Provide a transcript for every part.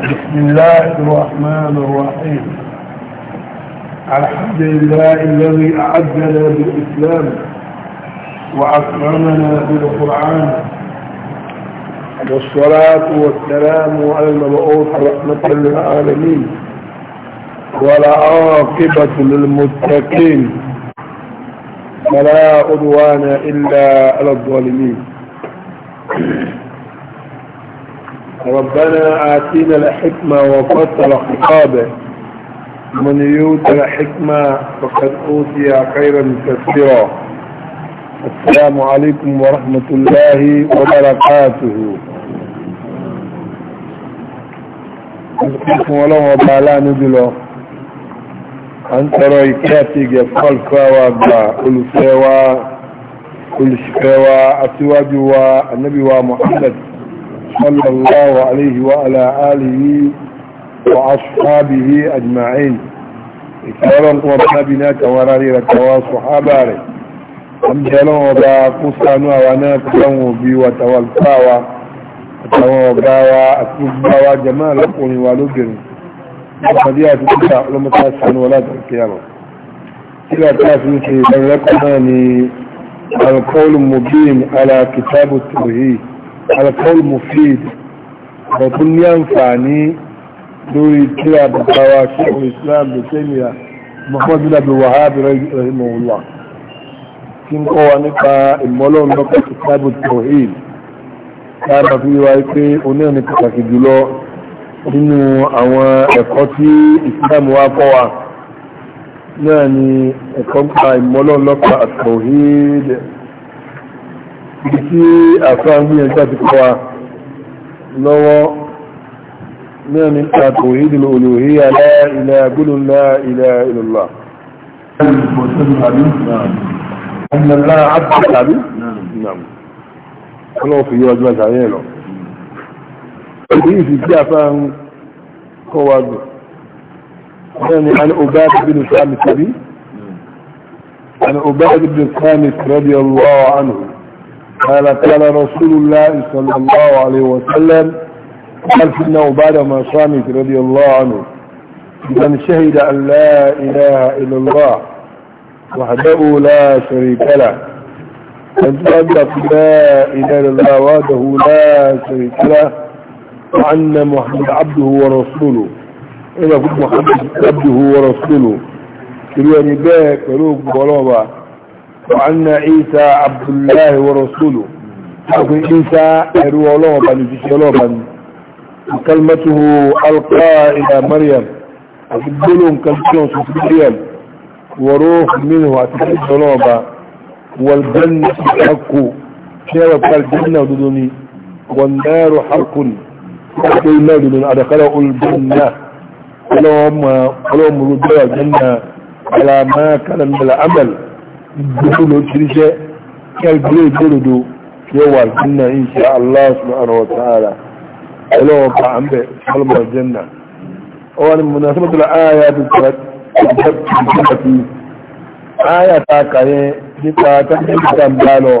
بسم الله الرحمن الرحيم الحمد لله الذي أعدنا بالإسلام وأكرمنا بالقرآن والصلاة والسلام على المبعوث رحمة للعالمين والعاقبة للمتقين فلا عدوان إلا على الظالمين ربنا آتنا الحكمة وفصل خطابه من يؤت الحكمة فقد أوتي خيرا كثيرا السلام عليكم ورحمة الله وبركاته أنتم ولو وبالا نبلو أنت روي كاتيك يفقل كوا كل سوا كل النبي ومحمد صلى الله عليه وعلى آله وأصحابه أجمعين إكرارا وصحابنا كوراريرا كواصحاباري أمجالا وباقصانا وناكلا وبي وتوالقاوا وتوالقاوا أتوباوا جمالا قولي والبري وقضيات الكتاب لما تسعن ولا تركياما إلا تاسم سيدان لكم القول المبين على كتاب التوهيد alkawul mufid batun ní àǹfààní lórí tíra bàbáwa ṣéhùn islam da tẹ́mìyà muhammadu nabi wahab rahimahullah kí n kọ́ wa nípa ìmọ́lọ́run lọ́pọ̀ kitabu tawhid ta ma fi wá pé onírin ní pàtàkì jùlọ nínú àwọn ẹ̀kọ́ tí islam wá kọ́ wa náà ni ẹ̀kọ́ nípa ìmọ́lọ́run lọ́pọ̀ tawhid ibi tí àfáà ń gbìyànjú àti kọ́ wa lọ́wọ́ náà ní tààtò ìdìlò olóhí aláìlẹ̀ gbólóńlá ilẹ̀ ìlọ́lá ọlọ́wọ́ fi yí ọjọ́ àtàrí ẹ̀lọ́ ìdí ìsì tí àfáà ń kọ́ wa gùn náà ni al'ubá bí nìkan mi sàbí al'ubá bí nìkan mi sàbí ọlọ́wọ́ ànùhù قال قال رسول الله صلى الله عليه وسلم قال فينا وبعد ما صامت رضي الله عنه من شهد أن لا إله إلا الله وحده لا شريك له من ان لا إله إلا الله وحده لا شريك له وأن محمد عبده ورسوله إذا كنت محمد عبده ورسوله كلوا نباك يعني ولوك ولوبا وأن عيسى عبد الله ورسوله أقول عيسى أروى الله بني جيش الله بني وكلمته ألقى إلى مريم أقبلهم كلمته مريم وروح منه أتحدث الله والجنة حق شارة الجنة دوني والنار حق حق النار دوني أدخله الجنة اللهم اللهم الجنة على ما كان من العمل gbogbo ló ti ríṣẹ́ kẹ́gbẹ́ ìgbòròdó yóò wà jẹ́nà insha Allah subhanahu wa ta'ala ẹlọ́wọ̀n bá ń bẹ̀ ọlọ́mọ jẹ́nà ọwọ́ ni mọ̀nà sọ́mọ́ tọ́lá ààyà tó tọ́lá ti ààyà ta kàyẹ nípa tàbíkà ń bá lọ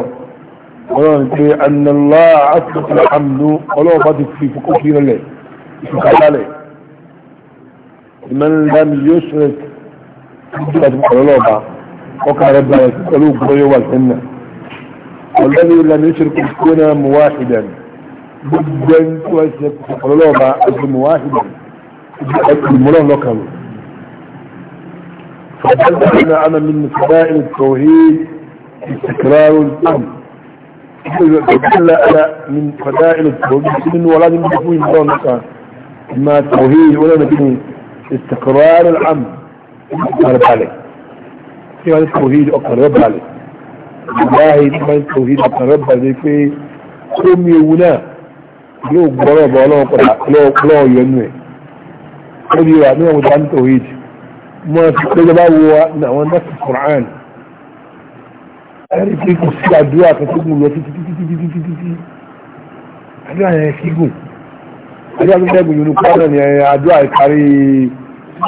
ọlọ́run pé annalá asìkò àmì ọlọ́run bá ti fi fòkó fi rẹlẹ̀ ìfòkàlẹ̀ ìmọ̀lẹ́dàmì yóò ṣe وقع رب القلوب ويوى الحنة والذي لم يشرك يكون مواحدا جدا ويشرك قلوبا اسم واحدا الملون لكم فقدمنا أنا من مسائل التوحيد استكرار الأمر فقدمنا أنا من فدائل التوحيد من ولاد المفهوم ملون لكم ما التوحيد ولا نبني استقرار الأمر أربع عليك tí wọ́n ń tòhí ọkàn rẹ̀ balẹ̀ ìgbáyé tí wọ́n ń tòhí ọkàn rẹ̀ balẹ̀ pé kó mi ewu náà yóò gbọ́rọ̀ bọ́ ọlọ́run padà lọ́ọ̀ yọnu ẹ̀ ó di wà ní ọmọdé ń tòhí mọ́ ti pé lọ́ba wo àwọn nọ́ọ̀sì Quran ẹ̀rí pé kò sí àdúrà kan tó gùn lọ títí títí títí títí àdúrà yẹn sí gùn àdúrà tó fẹ́ gùn yóò ní kọ́ àdúrà ìparí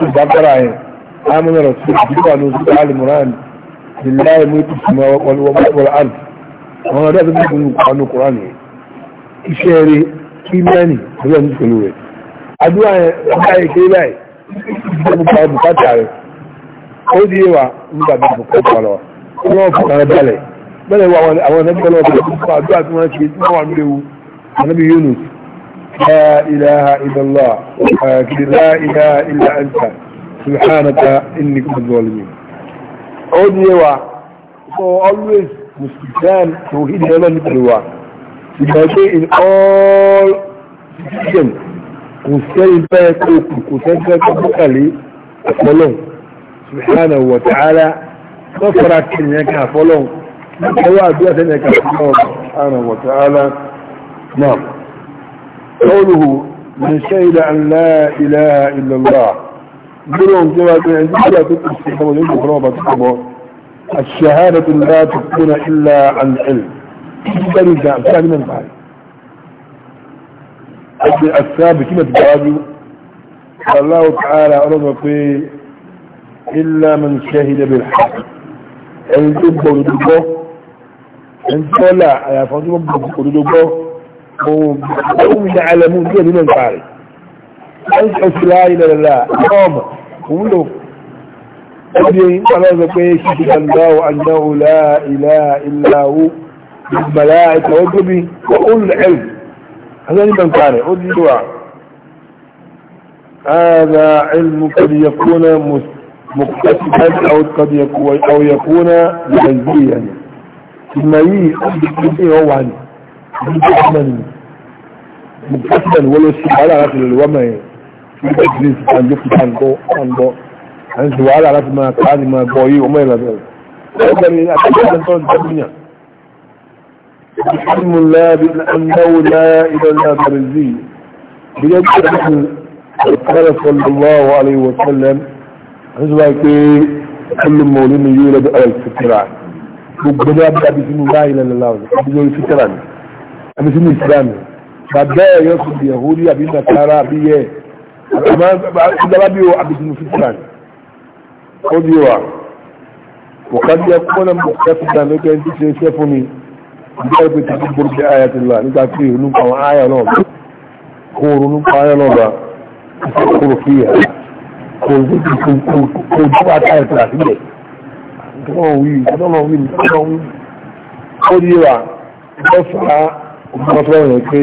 ìdágbára yẹn آمن رسول الله نزل آل عمران لله ملك السماوات والأرض وما لا تدركون عن القرآن إشاري إيماني هذا نزل له أدعى أدعى كيباي بukata bukata rẹ̀ ó di wa nígbà bí bukata lọ wọ́n fún ara balẹ̀ bẹ́ẹ̀ wà àwọn ẹ̀nẹ́bí ọlọ́pàá tó fún àdúrà tí wọ́n ṣe tí wọ́n wà ní ewu ẹ̀nẹ́bí Yunus la ilaha illallah kìlá ilaha illa anta subhanaka inni kuntu zalimin o diyewa so always muslim tawhid yana ni kalwa ibaje in all situations kò sẹ́yìn bẹ́ẹ̀ kó kù kò sẹ́yìn bẹ́ẹ̀ kó kàlẹ́ àfọlọ́n subhanahu wa ta'ala tó fara kìnìyàn kan àfọlọ́n nípa wà bí ọ̀sẹ̀ yẹn kan àfọlọ́n subhanahu wa ta'ala náà qawluhu man shahida an la ilaha illa Allah منهم الشهادة لا تكون إلا عن علم بل جاء من بعد الثابت كما تبعدوا الله تعالى أرضى في إلا من شهد بالحق ẹni tó gbọ́ òdòdó ẹni tó là àyàfọ́ tó gbọ́ òdòdó ohun ìyá alẹ́mú ẹjọ́ sí láàrín lọ́lọ́lá ọmọ òwúlò ẹgbẹ̀yìn ọlọ́zọ pé ṣíṣe kàndáwò annáwò láìlá ìlàwó ìgbàlá ẹ̀kọ́ ó tóbi olùlẹ̀ẹ̀lù azọ́nìbọn kààrẹ̀ ó dídọ́wà هذا علم قد يكون مكتسبا او قد يكون او يكون غيبيا ثم يي هو عن مكتسبا ولو استحاله غير الومه nígbà tí ní ìsìnkú àjọ àǹgọ́ àti wàhálà láti máa kàá ní máa gbọ́ yìí ọmọ ìlànà ọgbẹ̀ni àtàkùn àjọ الحلم لا بأنه لا إلى الأبرزي بجد قال صلى الله عليه وسلم حزبك كل مولين يولد على الفكرة ربنا بدأ بسم الله إلى الله بجو الفكرة أما سنو الإسلام فبدأ يصد يهودي بنا ترى بيه àmọ́ ìjọba bí o àbìsínú fífúlàn ó bí wa bùkátí ẹ kọ́ náà bùkátí dàn ló kẹ́ ń tíṣe iṣẹ́ fún mi ìjọba pé tàbí gbòòrò bí àyà ti lọ nígbà pé ìrònú àwọn àyà náà bá kó ìrònú pa àyà náà bá kó kúrò fi yà kó kó jọba táyà tó àti bẹ̀ ìjọba wọn wí ìjọba wọn wí ìjọba wọn wí ó bí wa ìjọba fà á ọmọ tó rẹ̀ pé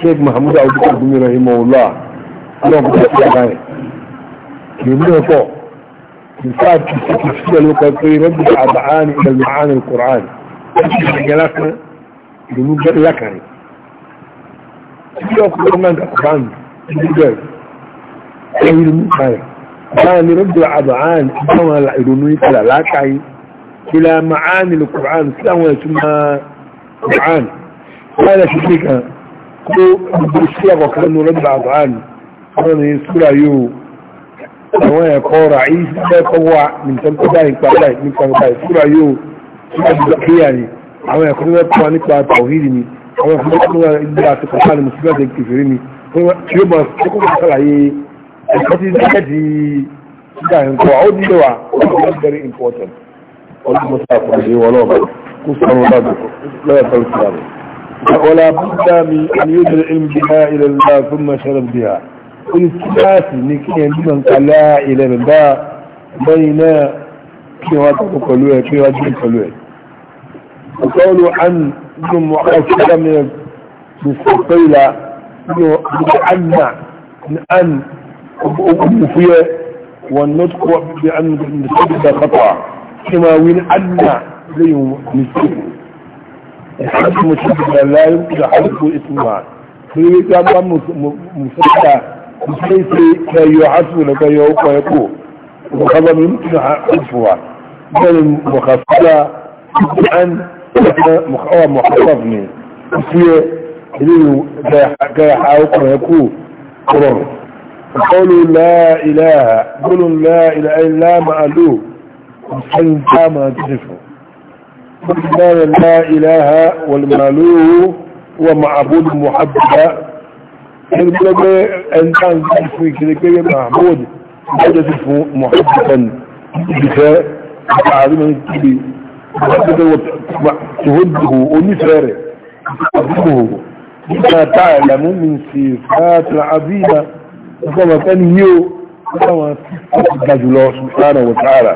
Sheikh Mahamud Abdul Rahim Allah ọlọ́run kò sí àbá rẹ̀ kì í mú ọ̀pọ̀ kì í sáà kì í kì í sí ẹ̀lú kan pé rẹ́bù àbáhánì ìlú àánì kùrán ìgbà lásán ìlú bẹ́ẹ̀ lákàrin tí ọkùnrin náà kùrán ìlú bẹ́ẹ̀ ẹ̀yìn ìlú kárẹ̀ báyìí rẹ́bù àbáhánì ìgbàwọn ìrònú ìkàlà lákàáyé إلى معاني القرآن السلام ويسمى القرآن هذا شيء كان قلوا أبو السياق وكأنه رب العضعان wọ́n ni súra yóò àwọn ẹ̀kọ́ rà í lẹ́kọ́ wà nìkan tó bá ìpa láì nípa nípa ìsúra yóò súra jù kíyà ni àwọn ẹ̀kọ́ tó mẹ́kọ́ wà nípa tàwíìdì ni àwọn ẹ̀kọ́ tó wà nípa àti kọ̀ọ̀kan ni mùsùlùmí àti kìfìrí ni tí ó máa tó kọ́ sàlàyé ẹ̀kọ́ tí dákẹ́ di sídà nǹkan ó nílò wa ó ولا بد من ان يدرئ بها الى الله ثم شرب بها olùsíláàtì ní kí ẹ̀ nígbà ń kalá ilẹ̀ bẹ̀bá lẹ́yìn náà kí wọ́n tọ́kọ̀ pẹ̀lú ẹ̀ kí wọ́n jẹ́ pẹ̀lú ẹ̀ ọ̀tọ́lù ánùn mọ̀ọ́kọ́lá mẹ́rin mùsùlùmí anna an ogunfuye wọn not kọ́ bí an mùsùlùmí da kọ́tọ̀ kí ma wí ní anna lẹ́yìn mùsùlùmí ẹ̀sán mùsùlùmí da láyé da halittu isma. Kiri ya ba musulunta بحيث لا يمكن بل عن وفي إليه قرر لا إله قولوا لا إله إلا ما ألوه لا ما قولوا لا إله والمالوه ومعبود محبب ẹgbẹ́gbẹ́ ẹ̀ntán fún ìkìlẹ̀ pẹ́gbẹ́ mahmoud ìjọdọ̀ sí fún mohamedan ìfẹ́ àríwọ̀n kiri tòhódùhù onífẹ́ rẹ̀ àbúhù nígbà táà ìlànà mi sì fàátà àbíyà ìfọ́mọ̀ fẹ́ni yíò láwọn ga jùlọ sùfàánà wàtàrà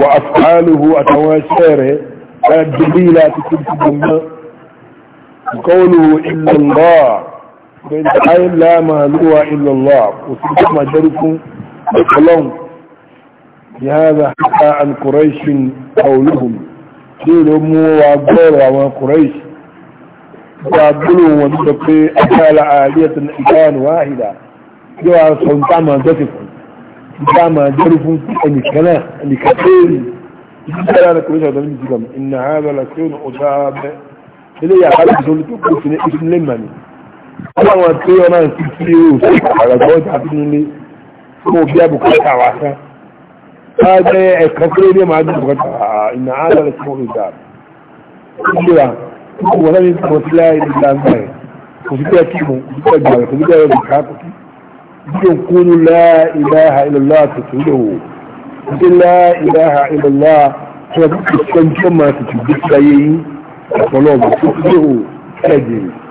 wa afẹ́lùhù àtàwọn ẹṣẹ́ rẹ̀ lára dìbí láti kí قوله إن الله bẹ́ẹ̀ ayé láàmà lówà illallah òsìkò máa jẹ́rùkún ọlọ́run yára haka al-quraishin kauluhum tí ló mú wa gbọ́rọ̀ àwọn quraish wa gbọ́rọ̀ wọn nígbà pé akala aliyata na ikan wahida yóò wá sọ nta máa jẹ́sì fún nta máa jẹ́rùkún ẹnìkanáà ẹnìkanáà ìdíjára na quraish àti ẹnìkanáà ìnà hàbà lásìkò ọ̀dà bẹ́ẹ̀ ilé yàrá lásìkò tó kù sí ní ìsinlẹ̀ mani wọ́n bá wọn tí ọ̀nà ti fi òṣù àràgbọ́ tàbí nílé fún òbí àbùkátà wá sán máa jẹ́ ẹ̀kan tó lé máa dùn bùkátà ìnà àádọ́rẹ̀ tí wọ́n fi dà nígbà kò wọ́n lẹ́yìn tí wọ́n ti láyé ní gbangba ẹ̀ kò sí bẹ́ẹ̀ kí mo kò sí bẹ́ẹ̀ gbàgbé kò sí bẹ́ẹ̀ rẹ̀ ká kò sí bí o kú ní la ilaha illallah tuntun lè wò bí la ilaha illallah tí wọ́n ti sọ́jú ọmọ tuntun bí ti láyé yín ọ̀pọ̀lọpọ̀ tó lè wò ẹ̀jẹ̀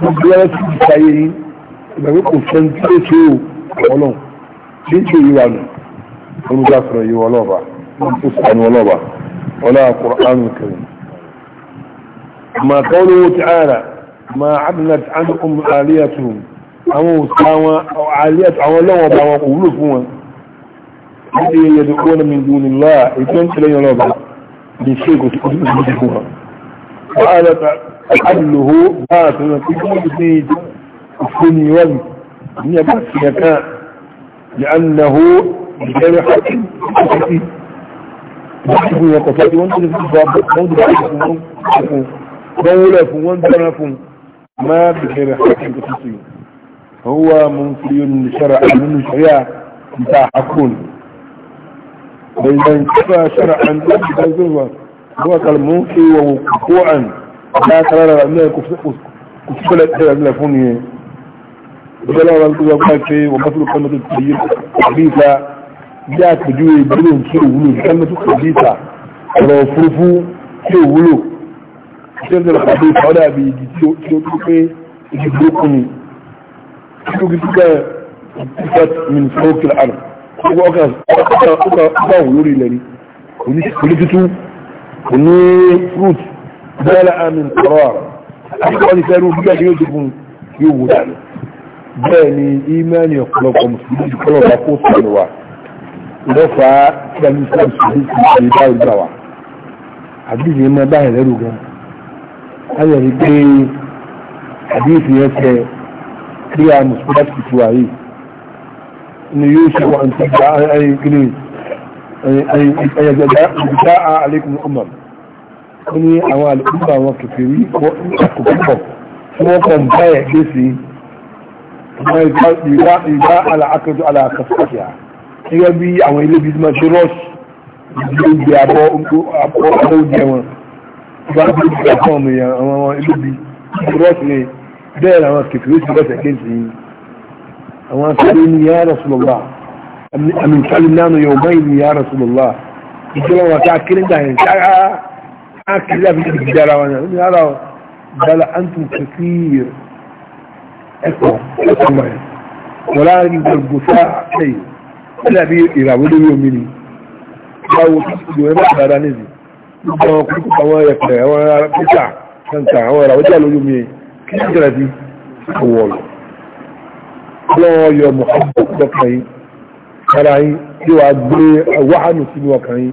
gbogbo ẹrẹ sí ìsáyé yín ìgbàgbé kò fẹ́ tí ó ṣe ò ọlọ́run tí ń ṣe ìwà nù olùdá sọ̀rọ̀ ìwà ọlọ́ọ̀bà tó sànù ọlọ́ọ̀bà ọlá Al-Qur'an Al-Karim ma qawluhu ta'ala ma abnat anhum aliyatuhum àwọn òsà wọn aliyatu àwọn ọlọ́wọ̀n bá wọn kò wúlò fún wọn níbi yẹ̀dù kọ́nà min dunillah ìtọ́ ń tẹ̀lé yọlọ́ọ̀bà ní ṣe tó kọ́ حله باطل في السن وزن هي بس يكاء لأنه بجرحة حق حقيقي بحث يقصد وانت في الضابط موض بحثكم ما بجرحة حق هو منفي شرع من شريعة متاحكون وإذا انتفى شرعا هو كالمنفي ووقوعا ọ̀gá sára rẹ̀ náà kò fẹ́lẹ̀ tẹ́lẹ̀ nílẹ̀ fún ni ìgbẹ́lẹ̀ ọ̀rọ̀ tó wọ́n pẹ́ pé wọ́n bá tó kọ́ mẹ́tò tí àbí ìta bí àpèjú ìgbẹ́lẹ̀ tí ò wúlò kí mẹ́tò tó bí ìta ọ̀rọ̀ òfurufú tí ò wúlò tí ó tẹ̀lẹ̀ pàdé ìta ọ̀dà bí igi tí ó tó pé bẹ́ẹ̀lá àmì kọ̀rọ̀ àkọ́kọ́ ní fẹ́rú bí ẹni yóò ti fún yóò wò dànù bẹ́ẹ̀ ni ìmẹ́ni ọ̀pọ̀lọpọ̀ mùsùlùmí kọ́lọ̀ bá kó sọ̀rọ̀ wa lọ́fà pẹ̀lú sọ̀rọ̀ sí ṣe báyìí gbà wá àbíyè mọ́ báyìí lẹ́rù gan ayọ̀ rí pé àbíyèsí yẹn tẹ kí a mùsùlùmí ti tu àyè ni yóò ṣe wà ní ti gba ayé kíni ayé ayé ayé ayé ayé ayé ayé ayé ayé ayé ayé ó ní àwọn àlùkùnbà àwọn kèfèrí àkùkùkọ̀ tí wọ́n kọ̀ bá ẹ̀ gbé sí ìgbà alákẹ́jọ́ alákẹ́sọ́kìá gẹ́gẹ́ bí àwọn ilé bí ma ṣe rọ́ọ̀ṣì ìdí oúnjẹ abọ́ oúnjẹ wọn bá bí ó gbà fún ọmọ èèyàn àwọn ilé bí rọ́ọ̀ṣì ni bẹ́ẹ̀ làwọn kèfèrí sí rọ́ọ̀ṣì kéjì àwọn sáré ní ya Rasulullah àmì ìkàlì náà yóò báyìí ní ya Rasulullah ìjọba wọn ká akiri abinci da gyara wannan ne ara dala an tun kafir ẹkọ ẹkọ mẹ wọlá gbẹgbọsá ẹyẹ ẹdá bí ìràwọ lórí omi ni báwo tó ẹ bá dára níbi gbogbo àwọn kúrúkú àwọn ẹ̀pẹ̀ àwọn ará pítà kankan àwọn ìràwọ jà lórí omi kí ní ìjọra bí ọwọ́ lọ lọ́wọ́ yọ mọ̀ọ́kọ̀ ọkàn yìí kára yìí yóò wá gbé wàhánù sínú ọkàn yìí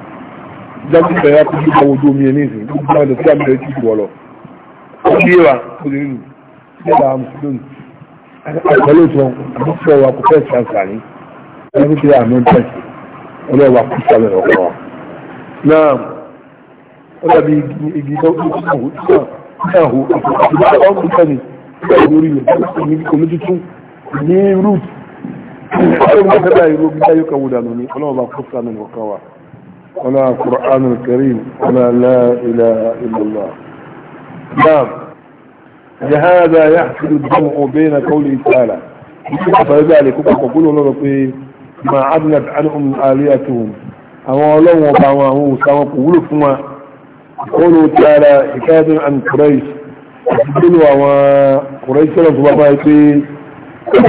jáde bẹ̀rẹ̀ láti bí ìgbà ojú omi ẹni ìsìn gbogbo àwọn ìdọ̀tí àmì rẹ̀ ti lọ. ó bí wa ó lè rìn nígbà mùsùlùmí àgbẹ̀lẹ̀ tó àbúkọ̀ wa kò fẹ́ ṣàǹfààní ẹni tí àmì ń tẹ̀sí ọlọ́wà kò sábẹ̀ ọkọ̀ wa. náà ó dàbí igi tó ń kú náà hù àti ọkùnrin sẹ́ni lórí rẹ̀ kò tuntun ní rúùtù. ó bá fẹ́ báyìí ló ولا القرآن الكريم ولا لا إله إلا الله نعم لهذا يحصل الجمع بين قوله تعالى فلذلك وقولوا نرطي ما عدنت عنهم آلياتهم أما لو وطعمه سوى قولوا فما قولوا تعالى حكاية عن قريش قولوا وما قريش لهم سبحانه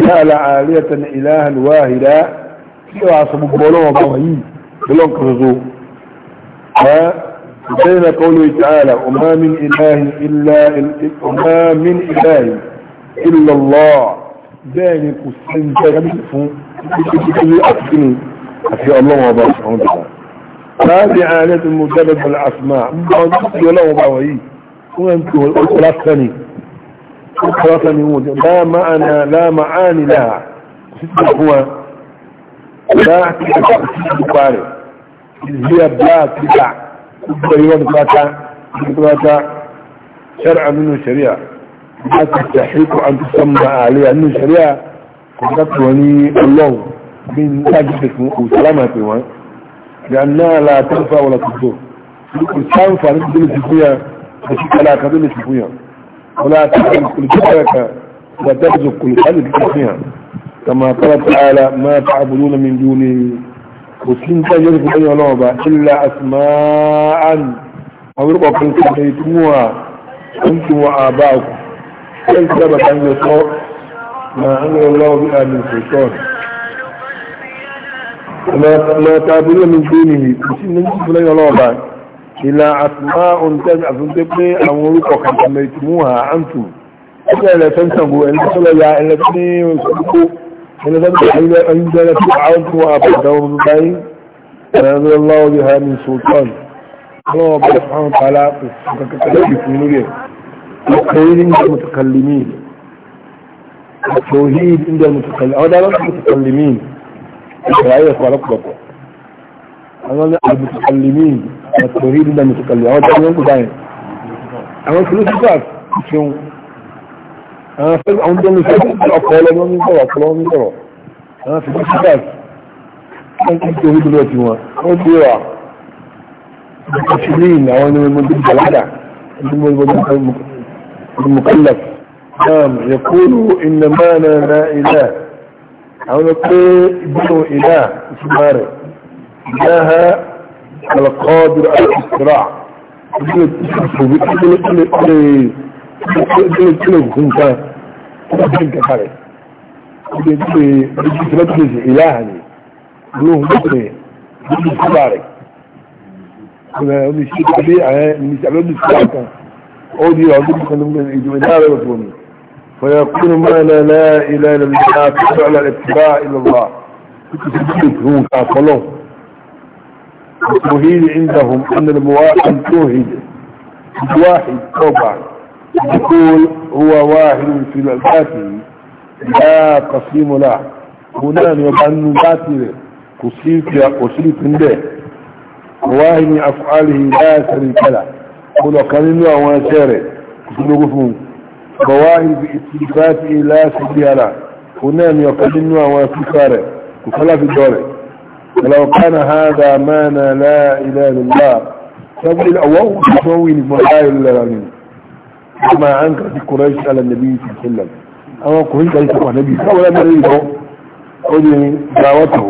وتعالى آلية إلها واهدا سوى عصب بولوا وطعمه بلون كرزوه فبين قوله تعالى وما من إله إلا وما من إله إلا الله ذلك السنجة منه أكثر في الله وبارك وتعالى هذه عادة مجرد بالأسماء مجرد ولا وباوي وأنت والثاني الثاني لا معنى لا معاني لها هو لا اعتقد تحدث شرع منه شريعة لا تستحق أن تسمى عليها من شريعة قدرت الله من أجلك وسلامته لأنها لا تنفع ولا تضر تنفع نبدل سفويا وشك لا كبير سفويا ولا تحرم كل جبرك وترزق كل خلق فيها كما قال تعالى ما تعبدون من دونه مسلم تجد في أي لعبة إلا أسماء أمرقوا كنت سميتموها أنتم وآباؤكم كيف ثبت أن يصور ما أنزل الله بها من سلطان لا تعبدون من دينه مسلم تجد في أي لعبة إلا أسماء تجد في أمرقوا كنت سميتموها أنتم إلا لا تنسبوا إلا تنسبوا إلا تنسبوا ذلك ذنب أنزل فرعون وأبدهم ببين فأنزل الله بها من سلطان الله سبحانه وتعالى في نوره الخير عند المتكلمين التوحيد عند المتكلمين هذا المتكلمين الشرعية ولقبة أنا المتكلمين التوحيد عند المتكلمين هذا ينقل دائما أنا فلوس الزعف شو أنا فلوس عندهم يسوي أقوال من ضرب أقوال من في الاتفاق ممكن تقول دلوقتي هو هو المسؤولين او المدير بالعدا المكلف نعم يقولوا ان ما لا اله او نقول ابن اله في اله القادر على الاختراع يقول لك كل كل كل كل كل كل كل كل كل كل تمجز إلهني له مصري مجز كبارك مش طبيعي مش عبد السلاطة أودي وعبد السلاطة فيقول ما لا لا إله إلا الله فعل الاتباع إلى الله تثبت هو كافلون التوحيد عندهم أن المواحد توحيد واحد طبعا يقول هو واحد في الفاتحة لا تسليم له هنا يبان باطل كسيف يا كسيف به واهن افعاله لا شريك له كل كان له وشارع كسلوفه بواهن باستيفاته لا شريك له هنا يبان له وشارع وكلا في الدوله ولو كان هذا مانا لا اله الا الله فقل الاول تسوي لمحايل كما عنك في قريش على النبي صلى الله عليه وسلم àwọn ọkùnrin kan ìtàkùn ànábì káwọn lábẹ́ rẹ̀ lọ ó ní gbàwọ́ tó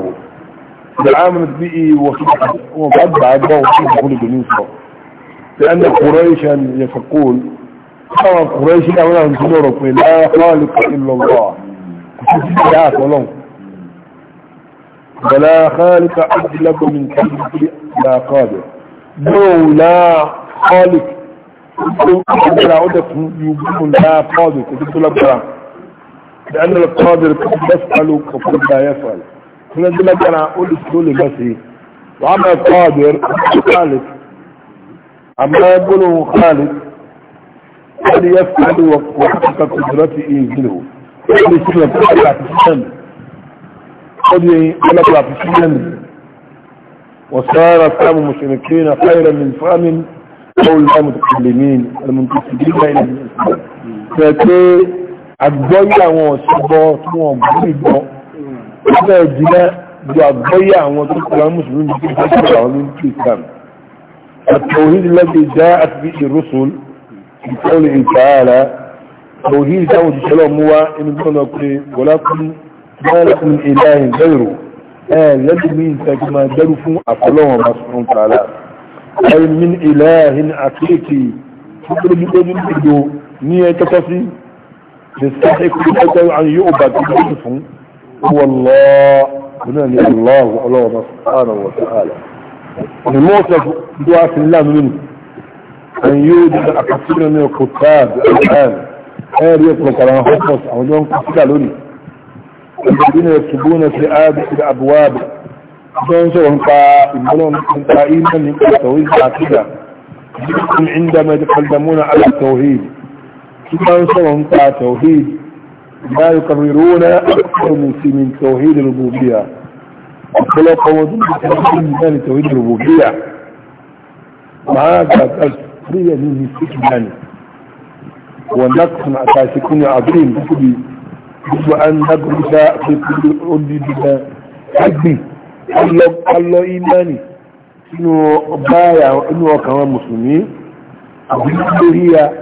dàámùn bí i wọ́n bá gbà á gbọ́ wọ́n sì kúrò ní sọ pé ẹni kùrẹ́ṣà yẹ fẹ́kùn káwọn kùrẹ́ṣà àwọn àwọn tó lọ́rọ̀ pé láwọn ìlọ́gbà kò sí sí ìyá àtọ́lọ́hùn بلا خالق أجلك من كلمة لا قادر دو لا خالق لا أدف يبقى لا قادر تقول لك لأن القادر قد يفعل وقد لا يفعل هنا دي لك أنا أقول السؤال بس إيه وأما القادر خالد عما يقوله خالد يعني قد يفعل وحقق قدرته ينزله قد يسمى قد يسمى قد يسمى وصار فهم المشركين خيرا من فهم قول المتكلمين المنتسبين الى الاسلام àgbọ́yé àwọn ọ̀ṣọ́gbọ́ tí wọ́n gbọ́n ìgbọ́ ọ̀fẹ́ ìjìnlẹ̀ ju àgbọ́yé àwọn tó kọ́ra mùsùlùmí tí wọ́n kọ́ra àwọn ní islam التوحيد الذي جاءت به الرسل في قوله تعالى توحيد جاءت السلام هو إن ولكم ما لكم من إله غيره آه لازم ينتج ما دلفوا أقلهم سبحانه وتعالى أي من إله أكيكي فقل بقول الفيديو نية تفصيل يستحق الفتى أن يؤبد يوسف هو الله بناني يعني الله الله سبحانه وتعالى الموت دعاء الله منه أن يوجد أكثر من الكتاب الآن هل يطلق على حفظ أو يوم دون قتلوني الذين يكتبون في آب الأبواب دون سوى انقاء إمبلون انقائيما من التوحيد العقيدة عندما يتقدمون على التوحيد كما يصور متاع توحيد ما يقررون أكثر من توحيد الربوبية وقالوا قوضون من توحيد الربوبية معاك الفرية من نسيك السجنان ونقص مع أساسكم عظيم بسبب أن نقرس في كل عدد حقي الله الله إيماني إنه بايع وإنه كمان مسلمين أبو هي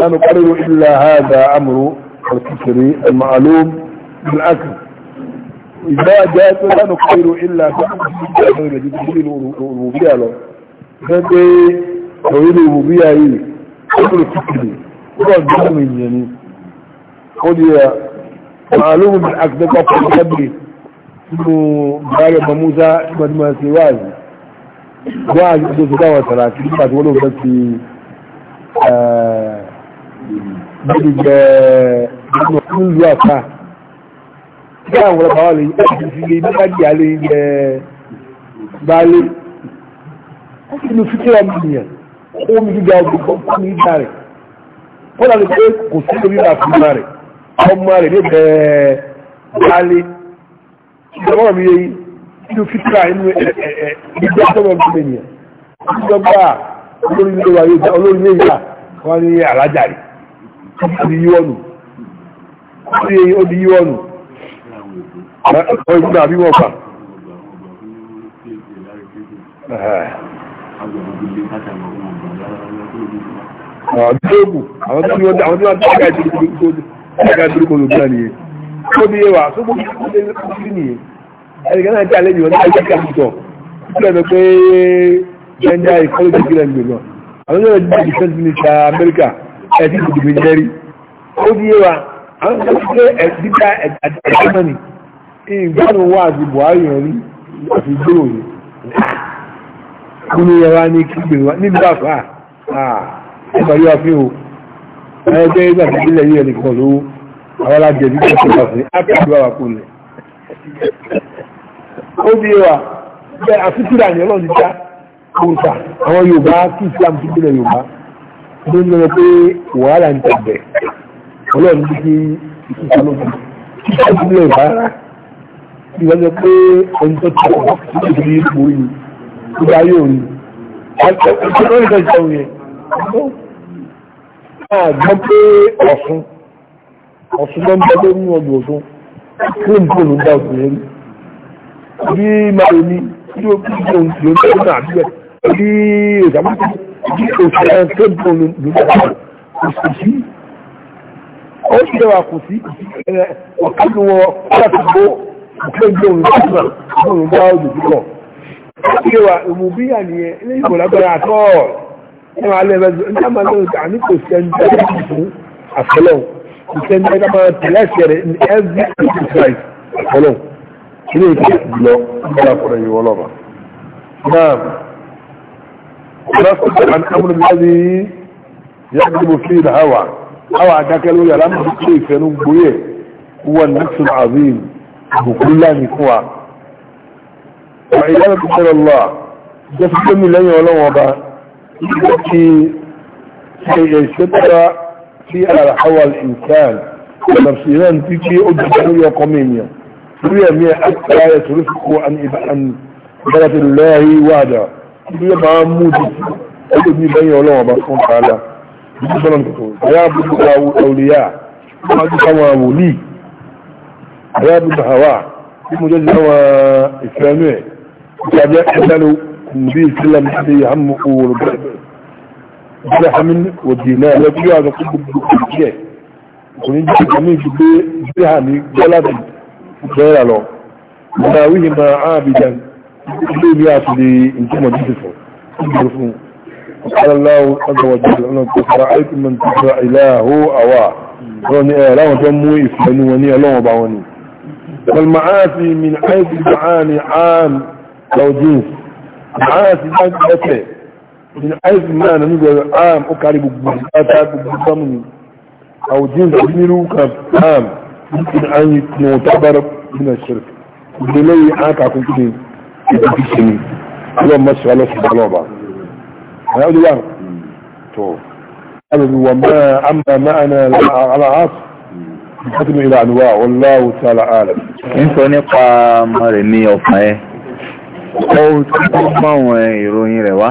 لا نقرر إلا هذا أمر الكسري المعلوم بالأكل إذا جاءت لا نقرر إلا تحويل الربوبية له فدي تحويل الربوبية أمر الكسري هو الجمع يعني قل معلوم بالأكل ده قفل قبلي إنه بارك موسى ما سواه واحد يدوس دواء ثلاثة يبقى تقولوا بس آه níbi gbẹ ọmọ fún ìlú àfà tí àwọn ọlọ́pàá wà lè ẹ̀sìn sí ilé nígbà díà lè gbẹ gbálé nínú fífẹ́ ọmọ ènìyàn ó mi gíga ọgbọ̀n fún mi dá rẹ̀ kọ́nà lè pé kò sí lórí ìlà fún ma rẹ̀ ọmọ rẹ̀ lè gbẹ gbálé ìjọba mi yẹ nínú fífẹ́ inú ìgbà ọmọ ènìyàn ìjọba olórí ilé wa yóò olórí ilé yà wọ́n ní alájà rẹ̀ odiyíwọ́nù kọ́rí èyí odiyíwọ́nù ọ̀gbọ́n àbí wọ́n fà àdúrógù àwọn tí wọ́n dáwọn tí wọ́n dáwọn káàkiri tó káàkiri kò lò náà nìyẹn tó bí yẹ wà tó bó kí nìyẹn ẹnìkan náà tí alẹ́ nìyẹn ní ayé kàkùtọ̀ sílẹ̀ ní pé gender equality gílẹ̀ ń gbè lọ àwọn tí wọ́n dáwọn defense minister America ẹ̀dí ìdìbò jẹ́rí ó bí wa àwọn tó ṣe ẹ̀dígbà ẹ̀dẹ́mọ̀nì ìgbàlù wà àti buhari yẹn rí àti gbòòrò nínú yẹra ní kígbèrè wa níbi àfà ẹgbà yóò fi hàn ẹgbẹ́ ìgbà tó sílẹ̀ yìí ẹni kan lówó àwọn alájẹbí tó ṣe wàfẹ́ ápẹ́lú àwọn akúnlẹ̀ ó bí wa bẹ́ẹ̀ àfikúra ni ọlọ́run ti já òrùka àwọn yorùbá kí islam ti sílẹ̀ yorùbá ló ń lọ pé wàhálà ń tẹ̀bẹ̀ ọlọ́run ti di ìtúta lókun títí ìdílé ìbára ìwọ́jọ pé ohun tó ti pọ̀ títí ìdílé ipò yìí tó bá yóò rí ọjọ́ ìjọ ìjọun yẹn náà gbọ́ pé ọ̀sùn ọ̀sùn ló ń bẹ lórí ọdún ọ̀sùn kí ló ń dá ọ̀sùn yẹn bí máa ní kí n ń tì ó ń tẹ́lẹ̀ bí ìjàmọ́tò bí òṣèré tẹ́bùn lùdàbà kò sí ó sì dẹwà kò sí ọ̀kadù wọn alákòókò òkèèjì òun lùdàbà òun bá òjò púpọ̀ ó sì dẹwà ìmú bí àníyàn ilé ìbò lágbára àtọ́ ẹ̀ máa lẹ́ẹ̀mẹ́ ní àmà náà ìgbà ní kò sí ẹni tẹ́lẹ̀ fún àfẹ́lọ́ kò sí ẹni tẹ́lẹ̀ máa tẹ̀lé ẹ̀sẹ̀ rẹ̀ ní every exercise àfẹ́lọ́ ilé ìkẹ́ jùlọ ń bá fọ́nà ìwọ́lọ́ba. Naam. رفض عن أمر الذي يقلب فيه الهوى هوى كاكل ويا الأمر كيف ينبويه هو النفس العظيم وكل نكوى وعيادة من الله جسد من الله ولا وضع يبكي شيء شتى في على حوى الإنسان نفسيان تيجي أدخل يا قومين سوريا مية أكثر يترفق عن إبعان بلد الله وعده bí ó máa ń mú di ẹgbẹ́ mi lẹ́yìn ọlọ́run ọba fún tààlà bí ó sọ́nà tuntun ẹ̀yà àbúrò àwọn olùyà ó máa tún sáwọn wòlíì ẹ̀yà àbúrò àwà bí mo jẹ́ ti sáwọn ìfẹ́ inú ẹ̀ ìfẹ́ abẹ́ ẹ̀dánù níbi ìsìlẹ̀ mi ti hàmú òwòrò bẹ́ẹ̀ ìfẹ́ hàmí òdì náà lọ sí àwọn tó gbogbo ìfẹ́ kò ní jẹ́ àmì ìfẹ́ gbé hàmí gbọ́lá ilé ìwé àti lè ìtumọ̀ jíjì fún ìgbèrè fún ọ̀kọ́lọ́wọ́ agbàwọ̀jọ́ ọ̀nà tó fara aikin eh, man tó fara ìlàhó àwà wọn ni ẹ̀rọ àwọn tó mú ìfẹ́nu wọn ní ọlọ́wọ́ bá wọn ni kalma'ati min aikin ma'ani am laujins ma'ati bá ti ẹsẹ̀ min aikin ma'ana nígbà am ó kárí gbogbo ìgbàta gbogbo sámù ni laujins àti nírú kan am nígbà an yi tí wọn tábára nínú ṣirk ìgbélé yìí á kàkún kí ni ẹ̀dá fi ṣe ni ọlọ́run mọ́ ṣe alọ́sùn bá lọ́ọ̀bà ẹ̀yà ọdún wà tó alùpùpù wà máa àmà máa nà aláàásù ìfẹ́tìmọ̀ ìlà àdúrà ọláwù tí a là á rẹ̀. ń sọ nípa ọmọ rẹ̀ ní ọ̀fà ẹ̀ ó tó máwọn ìròyìn rẹ̀ wá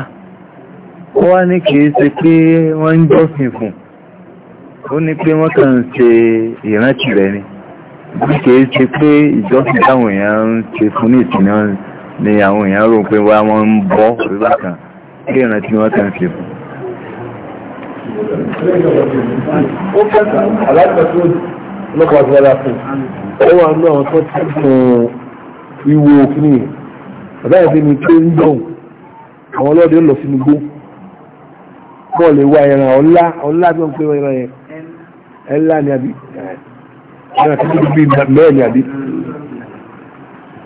ó wá ní kìí ṣe pé wọ́n ń jọ́sìn fún ó ni àwọn èèyàn rò pé wá wọ́n ń bọ́ rígbà kan kí ìrìn tí wọ́n kàn ṣe fún ó kẹta aláìsàtò lọ́pàá ní àwọn tó ti fún ìwò àwọn ọlọ́dẹ tí wọ́n pè wọ́n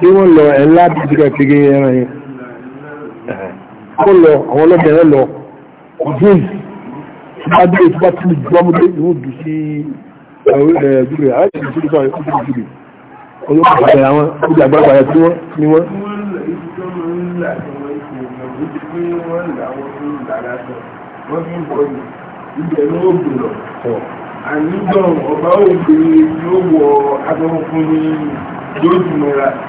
kí wọ́n lọ ẹ̀lá bíbíkà kiri ẹran yẹn kó lọ àwọn ọlọ́bẹ̀rẹ̀ lọ ọdún ìbádé ìtúbá tí mo jù ọmọdé ìwọ̀n dùn sí ẹ̀ẹ́dúrẹ̀ aláìsí àníjọ́ ọba ògbìn ni ó wọ agbọ́n ní yóò dùn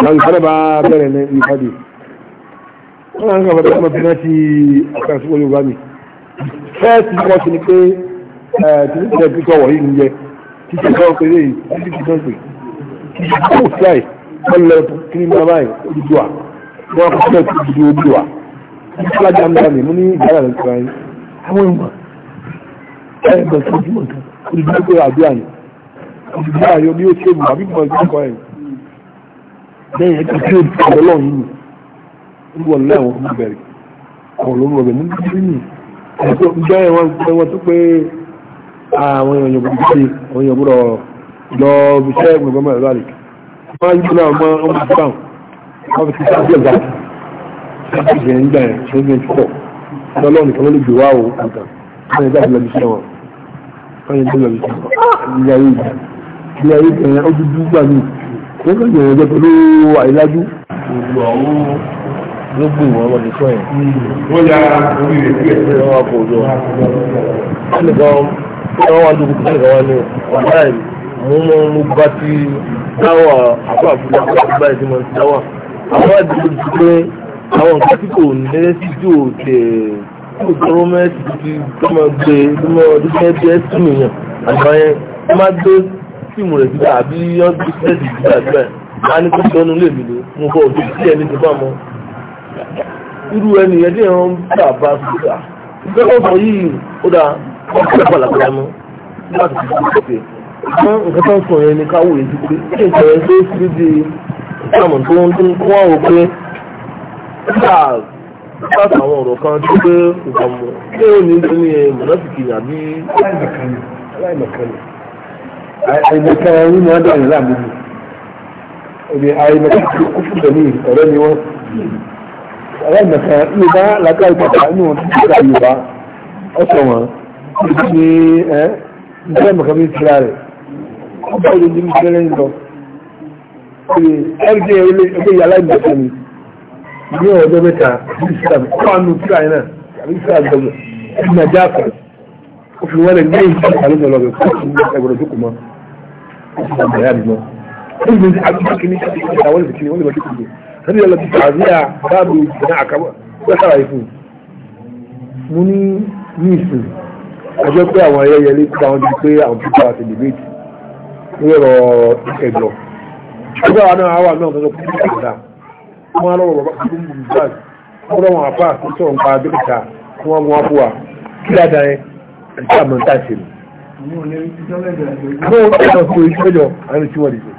láti fẹ́rẹ̀ bá bẹ̀rẹ̀ ní ìfàdé wọ́n náà ń kàfẹ́ bẹ́ẹ̀ mọ́bí náà ti ọ̀kan sí olùgbà mi fẹ́ẹ̀sì kọ́ sí ni pé tìlú tìlẹ̀ tí sọ̀wọ̀ yìí ń jẹ títí kọ́ pé lè títí tí sọ́ pé títí kọ́ fly wọ́n lọ kí ní mọ́ báyìí ojú wa wọ́n kọ́ sílẹ̀ tó dúdú ojú wa títí alájà ń dàmì mú ní ìgbàlá rẹ̀ tó ráyé àwọn ìmọ̀ ẹ̀ bẹ̀ sọ́jú mọ̀ nǹkan olùdíjẹ́ pé àdúrà yìí olùdíjẹ́ àyọ̀ ní ó ṣe mọ̀ àbí bẹ́ẹ̀ yẹn kíkẹ́ ọlọ́run yìí ń wọ̀ lẹ́wọ̀n ń bẹ̀rẹ̀ àwọn olóńgbò bẹ̀ nínú yìí ẹ̀sọ́ gbẹ́ wọn pé wọ́n tó pé àwọn èèyàn yòókù ṣe àwọn èèyàn gbọ́dọ̀ lọ bí sẹ́ gbogbo ẹ̀rọ àlè wọ́n yí gbọ́dọ̀ ọmọ ọmọ ìbáwọn wọ́n fi ti sáájú ẹ̀gá ìgbẹ̀ ń gbà ẹ̀ ṣe ń gbẹ̀ púpọ̀ ọlọ́run nìkan ló lè gbé wá o àgbà wọ́n yẹn dábìlẹ̀ bí sẹ́ wọn wọ́n yẹn dábìlẹ̀ bí sẹ́ wọn ìyá yìí ìyá yìí ó dúdú gbà míì wọ́n kàn yẹ̀yẹ̀ jẹ́ pẹ̀lú àìlájú. gbogbo ìwọ̀n wọn ni sọ yẹn. wọ́n ya orí rẹ̀ díẹ̀. wọ́n ní ọ̀gá ẹ̀ tí mo ti tí kò nẹ́rẹ́sì tí tí ò ti tọ́mọ gbé tọ́mọ ọdún fẹ́ẹ́ bí ẹ́ sùn nìyẹn àgbáyé má dé fíìmù rẹ̀ gbígbà àbí ọdún ìpínlẹ̀ gbígbà gbígbà wá ní kó sọ́nù lè mi lò mo fọ òbí sí ẹni tó bá mọ́ irú ẹni ẹdí ẹ̀rọ ń bà bá sùgbà ìgbẹ́ ọ̀sán yìí ó dá ọ̀sán pàlàpàlà mọ́ nígbà tó ti sọ pé wọ́n nǹkan tó ń sọ yẹn ni ká wòye sí pé kí nǹkan yẹn tó sí di ìsàmù tó ń dín kó àwọn òpin nígbà pàtó àwọn ọ̀rọ̀ kan tó pé ìgbà mọ̀ ṣé ó ní ní mọ̀nàfìkì àbí àìmọ̀kan ẹni máa dà ní láàmú mi òbí àìmọ̀kan ti kú fún tẹ̀lé ọ̀rẹ́ ni wọ́n àìmọ̀kan yorùbá làkà ìpàdà inú wọn ti ká yorùbá ọ̀sọ̀ wọn ìdí ni ẹ nígbà mọ̀kan mi tira rẹ̀ ó bá ìdí mi tẹ́lẹ̀ ń lọ ẹgbẹ́ ẹgbẹ́ yàrá ìmọ̀kan mi ní ọjọ́ mẹ́ta islam kọ́nù tíra iná àbí islam gbọ́dọ̀ ẹgbẹ́ nàìjíríà ó fi wọ́n lè ní ìjọba lọ́dọ̀ lọ́dọ̀ kó ya bi ma ilmin abubakar ne shi ne wani bikini wani baki mo ní ní ìsìn ẹjọ́ pé àwọn ayẹyẹ lè gba wọn di pé àwọn pípa àti debate lórí ọ̀rọ̀ ẹ̀dọ̀ nígbà wa náà wà náà tọ́jọ́ pé kí wọn á lọ́wọ́ bàbá tó ń bùrù báyìí wọn lọ́wọ́ àpá àti sọ̀rọ̀ nípa dókítà wọn mú wọn fún wa kí dáadáa yẹn àti àmọ́ ń tà sí mi àwọn ọ̀rọ̀ fún ìṣẹ́jọ àwọn ìṣẹ́wọ̀ nìkú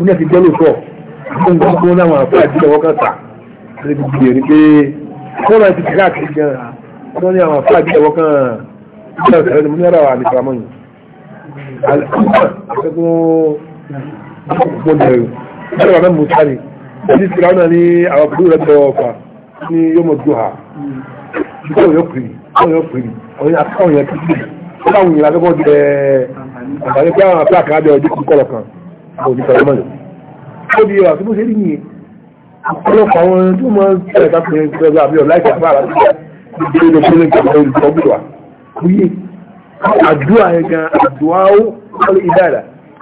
oní àti jẹ́ lóòótọ́ àwọn nǹkan tó náà wọn àfẹ́ àti ìwọ́n kan tà lè fi gbìyànjú ni pé wọ́n máa ti kíkà kí gan wọ́n ní àwọn àfẹ́ àti ìwọ́n kan tí wọ́n sẹ̀rẹ̀ ní ara wà ní faramọ́ yìí. àkókò tó gbọ́ dẹ̀rù ẹ̀rọ wà náà mú sáré ní ìsirà náà ní àwọn àbúrò rẹ̀ bẹ̀rẹ̀ ọ̀fà ní yọmọ dùhà. ìṣòro yóò pè láwọn ìyàrá tó kọ́ jẹ àǹfààní pé àwọn àpá àkàrà bẹ ọdún kọlọ kan kò ní sọ̀rọ̀ mọ́lẹ̀. ó di ìwà tó bó ṣe rí nìyẹn ọlọ́pàá àwọn tó máa ń tẹ̀lé káfíńsì ń tẹ̀lé àbí ọ̀la ìfẹ́ àbá àlàáfíà ìdílé ló fẹ́lẹ́ nǹkan lórí ìtọ́gbìlà kúyè àdúrà yẹn gan àdúrà ó kọ́lé ìdáàdà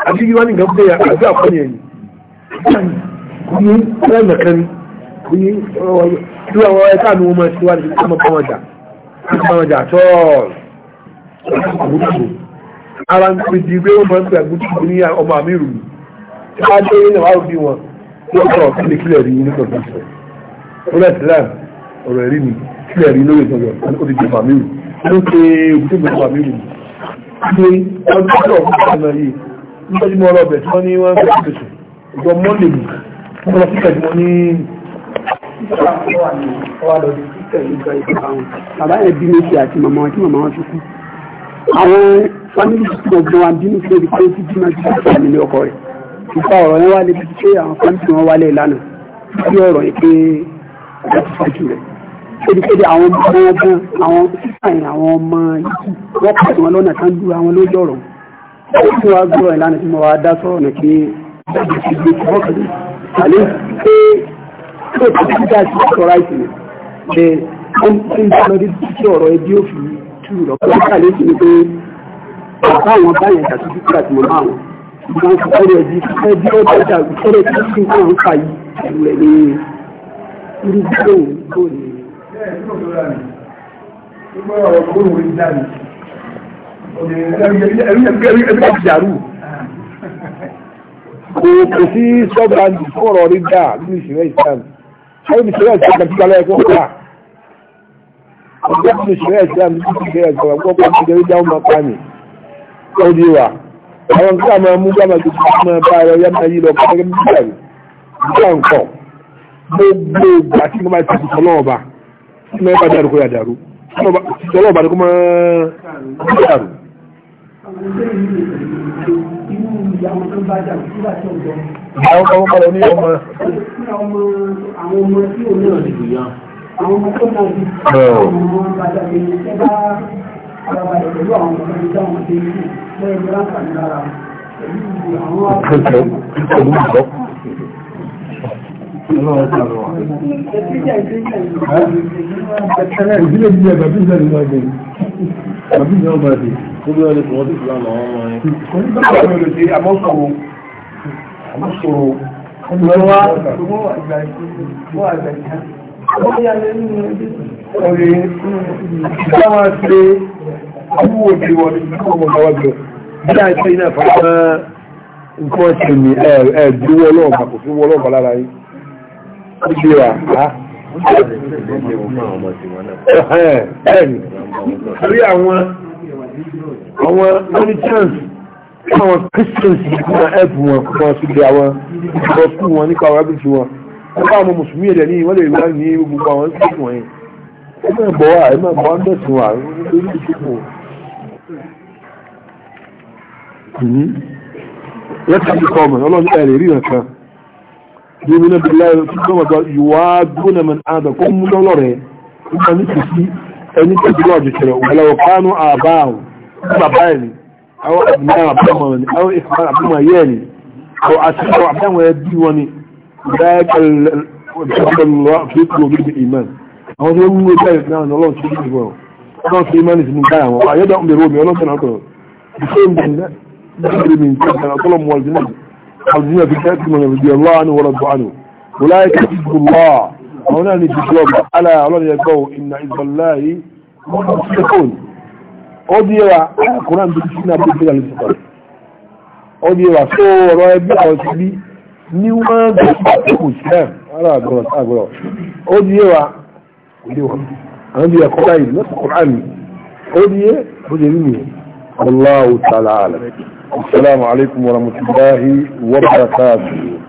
àti yíwá ní nǹkan bẹ́ẹ̀ àdúrà kọ́ ni ẹ̀yìn kúyè ọ̀la ìmọ̀kan ni kúyè ọ̀la ìwà ẹ̀ka ni wọ́n máa ṣe wá ní ọmọ pàmọ́jà pàmọ́jà tọ́ọ̀lù ara ń pè di pé wọ́n máa ń pè àgùntàn ní ọmọ àmì ìrù ní ká dé ní àwọn òbí wọn tí wọ́n sọ̀rọ̀ kílè kílè rí ní pẹ̀lú ìṣẹ̀ ó lẹ́sì láàm ọ̀rọ̀ ẹ̀rí mi kílè rí lórí ìṣọ̀rọ̀ ó ti di màmí ìrù ló pe òkúté gbogbo màmí ìrù pé wọ́n ti sọ̀rọ̀ fún ìṣẹ̀lẹ̀ yìí nítorí mo lọ bẹ̀ tí wọ́n ní wọ́n ń fẹ́ ìṣẹ̀ ìjọ mi mo lọ sí bàbá yẹn bí mi ṣe àti màmá wọn tí màmá wọn fi kú àwọn fámílì tí wọ́n gbọ́n àbí ní ṣe ìpàdé tí jìnnà jù láti wà nílé ọkọ rẹ̀ nípa ọ̀rọ̀ yẹn wá lè fi ṣe àwọn fámílì wọn wálẹ̀ lánàá sí ọ̀rọ̀ yẹn pé ọjọ́ ti fàájú rẹ̀ kédekéde àwọn ọmọ ọgbọ́n àwọn sísà yẹn àwọn ọmọ yìí wọ́n pàṣẹ wọn lọ́nà kan dúró àwọn lójú ọ̀rọ̀ ó sì wá gbọ́rọ̀ yẹn lánàá tí mo wá dá sọ̀rọ̀ náà pé ọjọ́ ti gbé ọkọ̀ àlẹ́ tù lọ pátá lè fi ní pé bàbá àwọn báyẹn dàtú títí àti mọ̀ máa wọn ìgbà ń sọ̀rọ̀ ẹ̀dí fífẹ́ bí ó dájà ìfẹ́rẹ́ tí kí n kàn fà yìí ẹ̀rù ẹ̀ ní irú gbóhùn gbóhùn. Kò sí sọ́bàndì fọ́rọ̀ rí dáa nínú ìṣẹ̀lẹ̀ ìsìlámù. Ṣé ìṣẹ̀lẹ̀ ìsìlámù ọjọ́ tó ṣẹlẹ̀ sí àmì tó ṣe ẹ̀gbọ́n àgbọ̀ pọ̀ ṣe lórí dáhùn máa ni ó di wà àwọn tí a máa mú bá máa tuntun tí máa bá máa yí lọ pọ̀ gẹ́gẹ́ bí bíyà bíyà nǹkan gbogbo ìgbà tí mo máa ti tuntun náà bá tí mo bá dárúkọ yà dàrú tuntun náà bá dárúkọ Àwọn ọmọ ọmọ ọmọ ní ọmọ. Àwọn ọmọ Ìdílé ìdílé bàbí ìjọ ni wọ́n gbé. Bàbí ìjọ bá dé. Ó bí wọ́n lè fọwọ́ sí ìlànà ọmọ rẹ̀. Kò ní bá wọ́n lè ṣe àmọ́sọ̀rọ̀. Àmọ́sọ̀rọ̀. Wọ́n wá ìgbà ìgbà ìgbà. Orí ìgbàmà ṣe ọmọ òbí wọn ní ọmọ ọmọ ọgbọ̀. Bí a ṣe iná fàájá nǹkan ṣe ní ẹ̀ẹ̀dú wọ́lọ́ọ̀bà kò fún wọ́lọ́ọ̀bà lára yìí. Ó ṣe wà á. Ẹ̀ẹ̀ni, rí àwọn àwọn many chance káwọn Christians yìí kúmọ̀ ẹ̀bù wọn kúmọ̀ sí ilé àwọn ìgbọ̀kú wọn nípa wábìsì wọn wọ́n bá àwọn mùsùlùmí ẹ̀dẹ̀ ní wọ́n lè wá ní gbogbo àwọn ṣẹ́kù wọ̀nyí ẹ máa bọ̀ wá ẹ máa bọ̀ wá ń bẹ̀sùn wá lórí ìṣẹ́kù yẹ ká bí kọ́ọ̀mù ọlọ́run ẹ̀ lè rí nǹkan bíbí náà bíi láyé tí wọ́n gbọ́ ìwà gbóná mẹ́ta àdà kó mú lọ́lọ́ rẹ̀ nígbà ní kò sí ẹni tó dúró àjẹsẹ̀rẹ̀ ògbàláwọ̀ kánú àbá àwọn bàbá ẹ̀ ni àwọn àbúmọ̀ àbúmọ̀ ẹ̀ ni àwọn ìfọ̀ àbúmọ̀ yẹ́ ẹ̀ ni àwọn àti àwọn àbúmọ̀ ẹ̀ bí wọn ni ذاك الحمد الله في قلوبهم الإيمان àwọn tí ó mú ẹgbẹ́ ìsìnkú ọlọ́run tí ó dìbò wọn ọlọ́run tí imani ti mú dára wọn ayé dáhùn bèrè omi ọlọ́run tí wọn kọ̀ ṣé ń bẹ̀rẹ̀ bẹ̀rẹ̀ mi nǹkan kan ọlọ́run mu alìsínà alìsínà fi kẹ́ ti mọ̀nà ìdí ọlọ́run àánú wọlé bọ́ àánú wọlé ayé kẹ́kẹ́ ti gbọ́ àwọn ẹbí àwọn ti ní wọ́n gbé kò ṣẹ́m ara àgbọ̀rọ̀ àgbọ̀rọ̀ ó di yé wa kò lè wọ́n àwọn bí ẹ̀kọ́ báyìí lọ́sọ̀ Qur'an ó di yé bó ṣe rí nìyẹn Allahu ta'ala alam assalamu alaikum wa rahmatullahi wa barakatuh